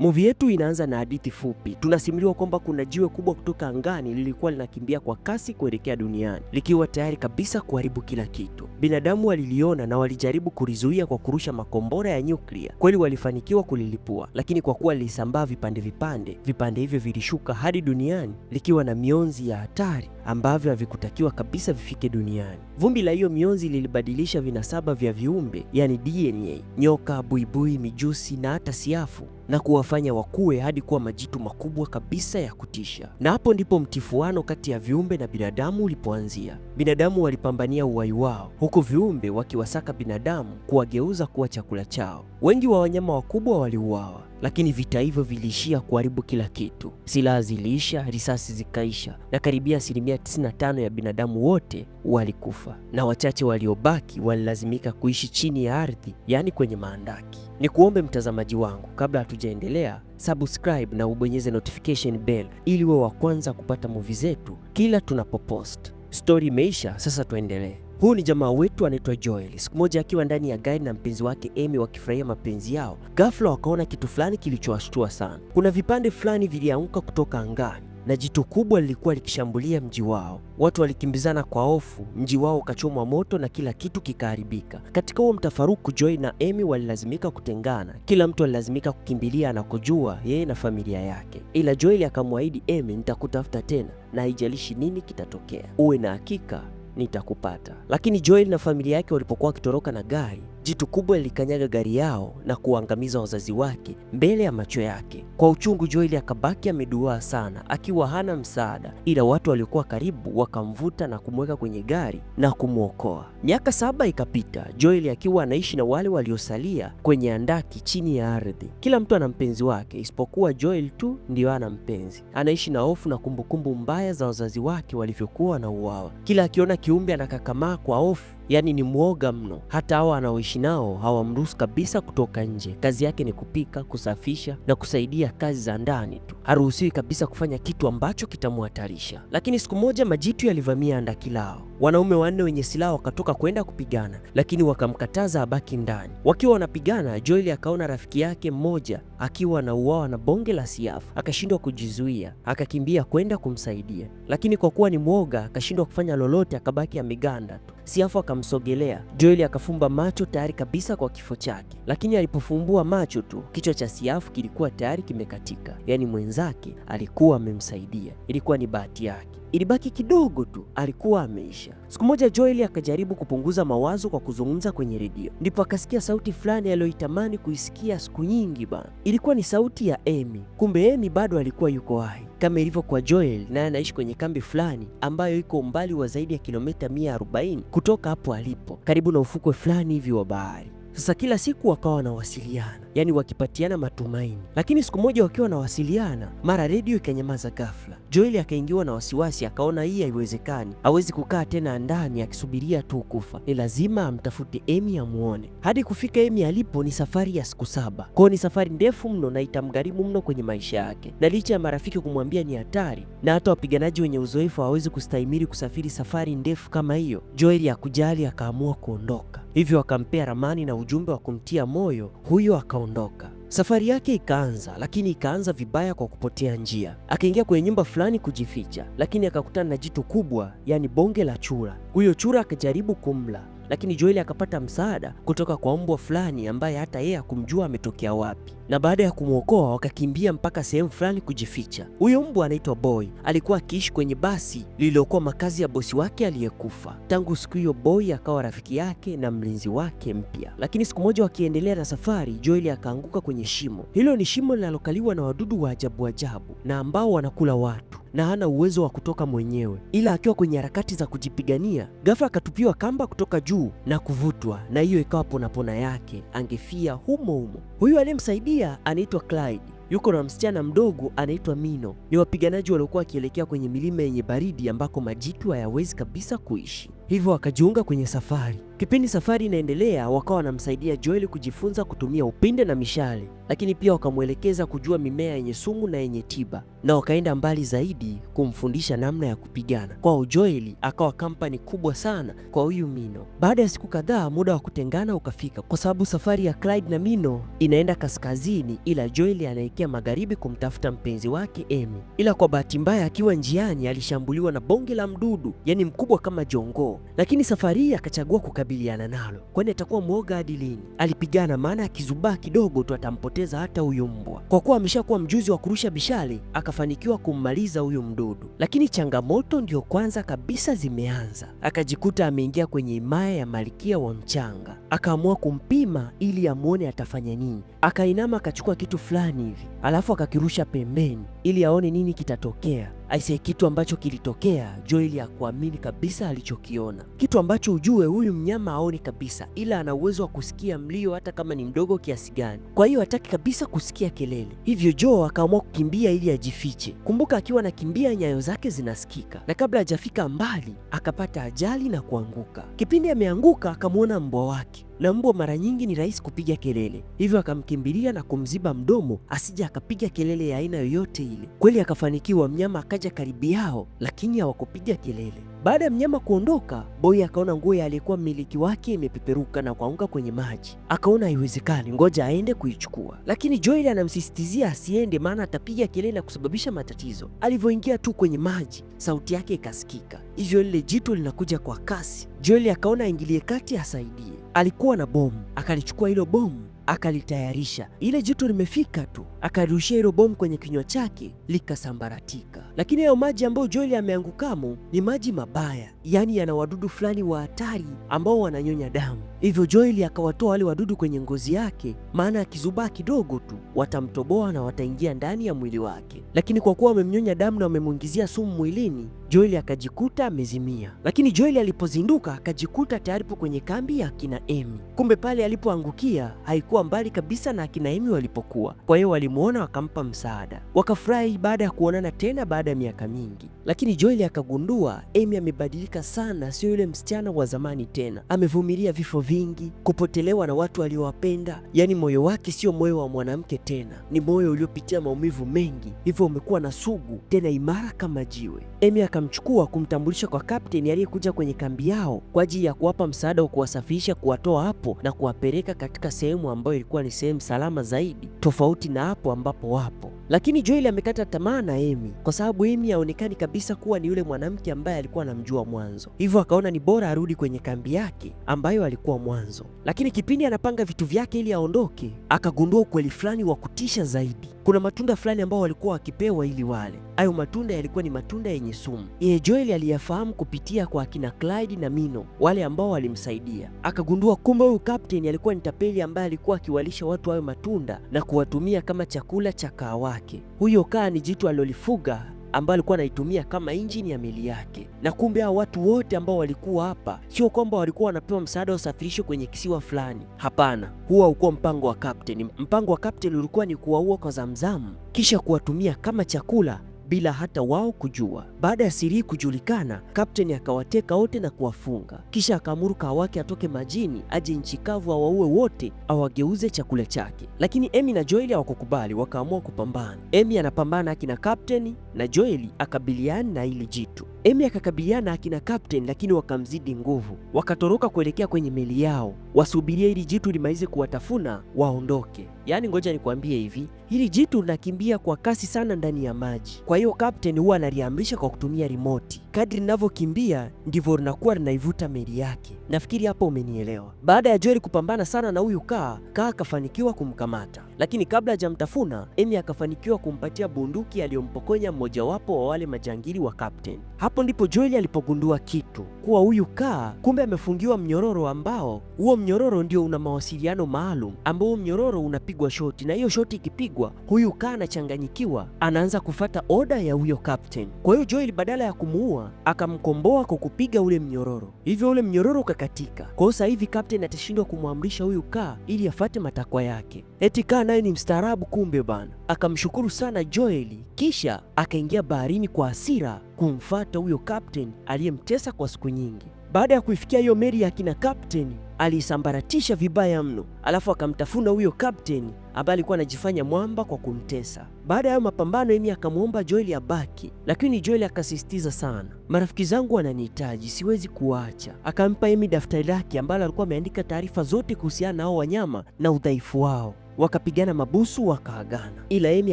Muvi yetu inaanza na hadithi fupi. Tunasimuliwa kwamba kuna jiwe kubwa kutoka angani lilikuwa linakimbia kwa kasi kuelekea duniani likiwa tayari kabisa kuharibu kila kitu. Binadamu waliliona na walijaribu kulizuia kwa kurusha makombora ya nyuklia. Kweli walifanikiwa kulilipua, lakini kwa kuwa lilisambaa vipande vipande, vipande hivyo vilishuka hadi duniani likiwa na mionzi ya hatari ambavyo havikutakiwa kabisa vifike duniani. Vumbi la hiyo mionzi lilibadilisha vinasaba vya viumbe, yani DNA, nyoka, buibui, mijusi na hata siafu na kuwafanya wakue hadi kuwa majitu makubwa kabisa ya kutisha. Na hapo ndipo mtifuano kati ya viumbe na binadamu ulipoanzia. Binadamu walipambania uhai wao, huku viumbe wakiwasaka binadamu kuwageuza kuwa chakula chao. Wengi wa wanyama wakubwa waliuawa lakini vita hivyo viliishia kuharibu kila kitu. Silaha ziliisha, risasi zikaisha, na karibia asilimia 95 ya binadamu wote walikufa, na wachache waliobaki walilazimika kuishi chini ya ardhi, yaani kwenye maandaki. Ni kuombe mtazamaji wangu, kabla hatujaendelea, subscribe na ubonyeze notification bell ili uwe wa kwanza kupata movie zetu kila tunapopost. Stori imeisha, sasa tuendelee huu ni jamaa wetu anaitwa Joel. Siku moja akiwa ndani ya gari na mpenzi wake Amy wakifurahia mapenzi yao, ghafla wakaona kitu fulani kilichowashtua sana. Kuna vipande fulani vilianguka kutoka angani na jitu kubwa lilikuwa likishambulia mji wao. Watu walikimbizana kwa hofu, mji wao ukachomwa moto na kila kitu kikaharibika. Katika huo mtafaruku, Joy na Amy walilazimika kutengana, kila mtu alilazimika kukimbilia anakojua yeye na familia yake, ila Joy akamwahidi Amy, nitakutafuta tena na haijalishi nini kitatokea, uwe na hakika nitakupata. Lakini Joel na familia yake walipokuwa wakitoroka na gari Jitu kubwa lilikanyaga gari yao na kuangamiza wazazi wake mbele ya macho yake. Kwa uchungu, Joel akabaki ameduaa sana, akiwa hana msaada, ila watu waliokuwa karibu wakamvuta na kumweka kwenye gari na kumwokoa. Miaka saba ikapita, Joel akiwa anaishi na wale waliosalia kwenye andaki chini ya ardhi. Kila mtu ana mpenzi wake isipokuwa Joel tu ndiyo ana mpenzi. Anaishi na hofu na kumbukumbu mbaya za wazazi wake walivyokuwa wanauawa. Kila akiona kiumbe anakakamaa kwa hofu yani ni mwoga mno. Hata hawa anaoishi nao hawamruhusu kabisa kutoka nje. Kazi yake ni kupika, kusafisha na kusaidia kazi za ndani tu. Haruhusiwi kabisa kufanya kitu ambacho kitamhatarisha. Lakini siku moja majitu yalivamia andaki lao. Wanaume wanne wenye silaha wakatoka kwenda kupigana, lakini wakamkataza abaki ndani. Wakiwa wanapigana, Joel akaona rafiki yake mmoja akiwa anauawa na bonge la siafu, akashindwa kujizuia, akakimbia kwenda kumsaidia, lakini kwa kuwa ni mwoga akashindwa kufanya lolote, akabaki ameganda tu. Siafu akamsogelea joeli akafumba macho tayari kabisa kwa kifo chake, lakini alipofumbua macho tu kichwa cha Siafu kilikuwa tayari kimekatika. Yaani mwenzake alikuwa amemsaidia, ilikuwa ni bahati yake. Ilibaki kidogo tu, alikuwa ameisha. Siku moja Joel akajaribu kupunguza mawazo kwa kuzungumza kwenye redio, ndipo akasikia sauti fulani aliyoitamani kuisikia siku nyingi bana. Ilikuwa ni sauti ya Emi. Kumbe Emi bado alikuwa yuko hai kama ilivyo kwa Joel, naye anaishi kwenye kambi fulani ambayo iko umbali wa zaidi ya kilomita 140 kutoka hapo alipo, karibu na ufukwe fulani hivi wa bahari. Sasa kila siku wakawa wanawasiliana yani wakipatiana matumaini. Lakini siku moja wakiwa wanawasiliana, mara redio ikanyamaza ghafla. Joel akaingiwa na wasiwasi, akaona hii haiwezekani, hawezi kukaa tena ndani akisubiria tu kufa, ni lazima amtafute Emi amwone Hadi kufika Emi alipo ni safari ya siku saba, kwao ni safari ndefu mno na itamgharimu mno kwenye maisha yake, na licha ya marafiki kumwambia ni hatari na hata wapiganaji wenye uzoefu hawawezi kustahimili kusafiri safari ndefu kama hiyo, Joel akujali akaamua kuondoka. Hivyo akampea ramani na ujumbe wa kumtia moyo, huyo akaondoka akaondoka. Safari yake ikaanza, lakini ikaanza vibaya kwa kupotea njia. Akaingia kwenye nyumba fulani kujificha, lakini akakutana na jitu kubwa, yaani bonge la chura. Huyo chura akajaribu kumla, lakini Joeli akapata msaada kutoka kwa mbwa fulani ambaye hata yeye hakumjua ametokea wapi na baada ya kumwokoa wakakimbia mpaka sehemu fulani kujificha. Huyo mbwa anaitwa Boy alikuwa akiishi kwenye basi lililokuwa makazi ya bosi wake aliyekufa. Tangu siku hiyo Boy akawa rafiki yake na mlinzi wake mpya, lakini siku moja wakiendelea na safari, Joel akaanguka kwenye shimo. Hilo ni shimo linalokaliwa na wadudu wa ajabu ajabu na ambao wanakula watu na hana uwezo wa kutoka mwenyewe, ila akiwa kwenye harakati za kujipigania, ghafla akatupiwa kamba kutoka juu na kuvutwa, na hiyo ikawa ponapona yake, angefia humo humo. Huyu aliyemsaidia pia anaitwa Clyde yuko na msichana mdogo anaitwa Mino. Ni wapiganaji waliokuwa wakielekea kwenye milima yenye baridi ambako majitu hayawezi kabisa kuishi hivyo wakajiunga kwenye safari. Kipindi safari inaendelea, wakawa wanamsaidia Joel kujifunza kutumia upinde na mishale, lakini pia wakamwelekeza kujua mimea yenye sumu na yenye tiba, na wakaenda mbali zaidi kumfundisha namna ya kupigana. Kwao Joel akawa kampani kubwa sana kwa huyu Mino. Baada ya siku kadhaa, muda wa kutengana ukafika, kwa sababu safari ya Clyde na Mino inaenda kaskazini, ila Joel anaelekea magharibi kumtafuta mpenzi wake Amy. Ila kwa bahati mbaya, akiwa njiani alishambuliwa na bonge la mdudu, yani mkubwa kama jongoo lakini safari hii akachagua kukabiliana nalo, kwani atakuwa mwoga adilini. Alipigana, maana akizubaa kidogo tu atampoteza hata huyu mbwa. Kwa kuwa ameshakuwa mjuzi wa kurusha bishali, akafanikiwa kummaliza huyu mdudu. Lakini changamoto ndiyo kwanza kabisa zimeanza. Akajikuta ameingia kwenye himaya ya Malkia wa Mchanga. Akaamua kumpima ili amwone atafanya nini. Akainama akachukua kitu fulani hivi, alafu akakirusha pembeni ili aone nini kitatokea. Aisee, kitu ambacho kilitokea Joel hakuamini kabisa alichokiona, kitu ambacho ujue huyu mnyama haoni kabisa, ila ana uwezo wa kusikia mlio hata kama ni mdogo kiasi gani. Kwa hiyo hataki kabisa kusikia kelele, hivyo Joe akaamua kukimbia ili ajifiche. Kumbuka, akiwa anakimbia nyayo zake zinasikika, na kabla hajafika mbali akapata ajali na kuanguka. Kipindi ameanguka akamwona mbwa wake na mbwa mara nyingi ni rahisi kupiga kelele, hivyo akamkimbilia na kumziba mdomo asije akapiga kelele ya aina yoyote ile. Kweli akafanikiwa, mnyama akaja karibu yao, lakini hawakupiga kelele. Baada ya mnyama kuondoka, boi akaona nguo ya aliyekuwa mmiliki wake imepeperuka na kuanguka kwenye maji. Akaona haiwezekani, ngoja aende kuichukua, lakini Joel anamsisitizia asiende, maana atapiga kelele na kusababisha matatizo. Alivyoingia tu kwenye maji, sauti yake ikasikika, hivyo lile jitu linakuja kwa kasi. Joel akaona aingilie kati asaidie, alikuwa na bomu, akalichukua hilo bomu akalitayarisha. Ile joto limefika tu, akarushia hilo bomu kwenye kinywa chake likasambaratika. Lakini hayo maji ambayo Joel ameangukamo ni maji mabaya, yaani yana wadudu fulani wa hatari ambao wananyonya damu. Hivyo Joel akawatoa wale wadudu kwenye ngozi yake, maana akizubaa kidogo tu watamtoboa na wataingia ndani ya mwili wake. Lakini kwa kuwa wamemnyonya damu na wamemwingizia sumu mwilini, Joel akajikuta amezimia, lakini Joel alipozinduka akajikuta tayari kwenye kambi ya akina Emi. Kumbe pale alipoangukia haikuwa mbali kabisa na akina Emi walipokuwa, kwa hiyo walimuona wakampa msaada, wakafurahi baada ya kuonana tena baada ya miaka mingi. Lakini Joel akagundua Emi amebadilika sana, sio yule msichana wa zamani tena. Amevumilia vifo vingi, kupotelewa na watu aliowapenda, yaani moyo wake sio moyo wa mwanamke tena, ni moyo uliopitia maumivu mengi, hivyo umekuwa na sugu tena imara kama jiwe. Emi akamchukua kumtambulisha kwa kapteni aliyekuja kwenye kambi yao kwa ajili ya kuwapa msaada wa kuwasafirisha, kuwatoa hapo na kuwapeleka katika sehemu ambayo ilikuwa ni sehemu salama zaidi, tofauti na hapo ambapo wapo. Lakini Joel amekata tamaa na Emi kwa sababu Emi haonekani kabisa kuwa ni yule mwanamke ambaye alikuwa anamjua mwanzo, hivyo akaona ni bora arudi kwenye kambi yake ambayo alikuwa mwanzo. Lakini kipindi anapanga vitu vyake ili aondoke, akagundua ukweli fulani wa kutisha zaidi kuna matunda fulani ambao walikuwa wakipewa ili wale. Hayo matunda yalikuwa ni matunda yenye sumu. Yeye Joel aliyafahamu kupitia kwa akina Clyde na Mino, wale ambao walimsaidia. Akagundua kumbe huyu kapteni alikuwa ni tapeli ambaye alikuwa akiwalisha watu hayo matunda na kuwatumia kama chakula cha kaa wake. Huyo kaa ni jitu alolifuga ambayo alikuwa anaitumia kama injini ya meli yake. Na kumbe hao watu wote ambao walikuwa hapa, sio kwamba walikuwa wanapewa msaada wa usafirisho kwenye kisiwa fulani. Hapana, huo haukuwa mpango wa kapteni. Mpango wa kapteni ulikuwa ni kuwaua kwa Zamzam kisha kuwatumia kama chakula bila hata wao kujua. Baada ya siri kujulikana, kapteni akawateka wote na kuwafunga, kisha akaamuru kaa wake atoke majini aje nchi kavu awaue wote, awageuze chakula chake. Lakini Emi na Joeli hawakukubali, wakaamua kupambana. Emi anapambana akina kapteni na Joeli akabiliana na ili jitu. Emi akakabiliana akina Captain lakini wakamzidi nguvu, wakatoroka kuelekea kwenye meli yao wasubirie ili jitu limalize kuwatafuna waondoke. Yaani, ngoja nikwambie hivi, hili jitu linakimbia kwa kasi sana ndani ya maji, kwa hiyo Captain huwa analiamrisha kwa kutumia rimoti. Kadri linavyokimbia ndivyo linakuwa linaivuta meli yake. Nafikiri hapo umenielewa. Baada ya Joel kupambana sana na huyu kaa kaa, akafanikiwa kumkamata lakini kabla hajamtafuna Emi akafanikiwa kumpatia bunduki aliyompokonya mmojawapo wa wale majangili wa Captain. Hapo ndipo Joel alipogundua kitu, kuwa huyu Kaa kumbe amefungiwa mnyororo ambao huo mnyororo ndio una mawasiliano maalum, ambao mnyororo unapigwa shoti, na hiyo shoti ikipigwa, huyu Kaa anachanganyikiwa, anaanza kufata oda ya huyo Captain. Kwa hiyo Joel badala ya kumuua akamkomboa kwa kupiga ule mnyororo, hivyo ule mnyororo ukakatika. Kwa hiyo sasa hivi Captain atashindwa kumwamrisha huyu Kaa ili afate matakwa yake. Eti Kaa naye ni mstaarabu kumbe bana. Akamshukuru sana Joeli, kisha akaingia baharini kwa hasira kumfata huyo kapteni aliyemtesa kwa siku nyingi. Baada ya kuifikia hiyo meli ya kina kapteni, aliisambaratisha vibaya mno, alafu akamtafuna huyo kapteni ambaye alikuwa anajifanya mwamba kwa kumtesa. Baada ya hayo mapambano, Emi akamwomba Joeli abaki, lakini Joeli akasisitiza sana, marafiki zangu wananihitaji, siwezi kuwaacha. Akampa Emi daftari lake ambalo alikuwa ameandika taarifa zote kuhusiana na hao wanyama na udhaifu wao wakapigana mabusu wakaagana, ila Emi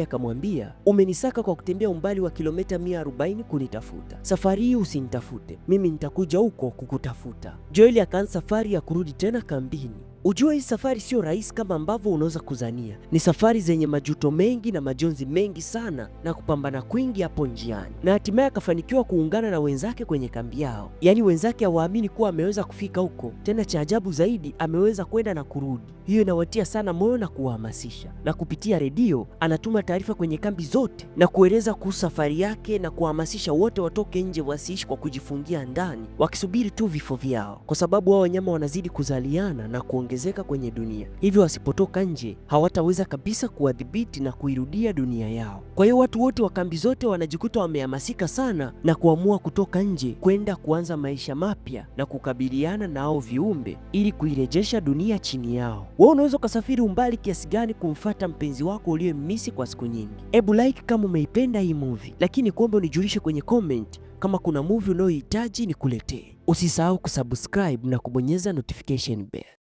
akamwambia, umenisaka kwa kutembea umbali wa kilomita 140 kunitafuta, safari hii usinitafute mimi, nitakuja huko kukutafuta. Joeli akaanza safari ya kurudi tena kambini. Ujue hii safari sio rahisi kama ambavyo unaweza kuzania. Ni safari zenye majuto mengi na majonzi mengi sana na kupambana kwingi hapo njiani, na hatimaye akafanikiwa kuungana na wenzake kwenye kambi yao. Yaani wenzake hawaamini kuwa ameweza kufika huko, tena cha ajabu zaidi ameweza kwenda na kurudi. Hiyo inawatia sana moyo na kuwahamasisha, na kupitia redio anatuma taarifa kwenye kambi zote na kueleza kuhusu safari yake na kuwahamasisha wote watoke nje, wasiishi kwa kujifungia ndani wakisubiri tu vifo vyao, kwa sababu hao wanyama wanazidi kuzaliana na kuongeza kuongezeka kwenye dunia, hivyo wasipotoka nje hawataweza kabisa kuwadhibiti na kuirudia dunia yao. Kwa hiyo watu wote wa kambi zote wanajikuta wamehamasika sana na kuamua kutoka nje kwenda kuanza maisha mapya na kukabiliana na hao viumbe ili kuirejesha dunia chini yao. Wewe unaweza ukasafiri umbali kiasi gani kumfata mpenzi wako uliyemmisi kwa siku nyingi? Ebu like kama umeipenda hii movie, lakini kuombe unijulishe kwenye comment kama kuna movie unayohitaji nikuletee. Usisahau kusubscribe na kubonyeza notification bell.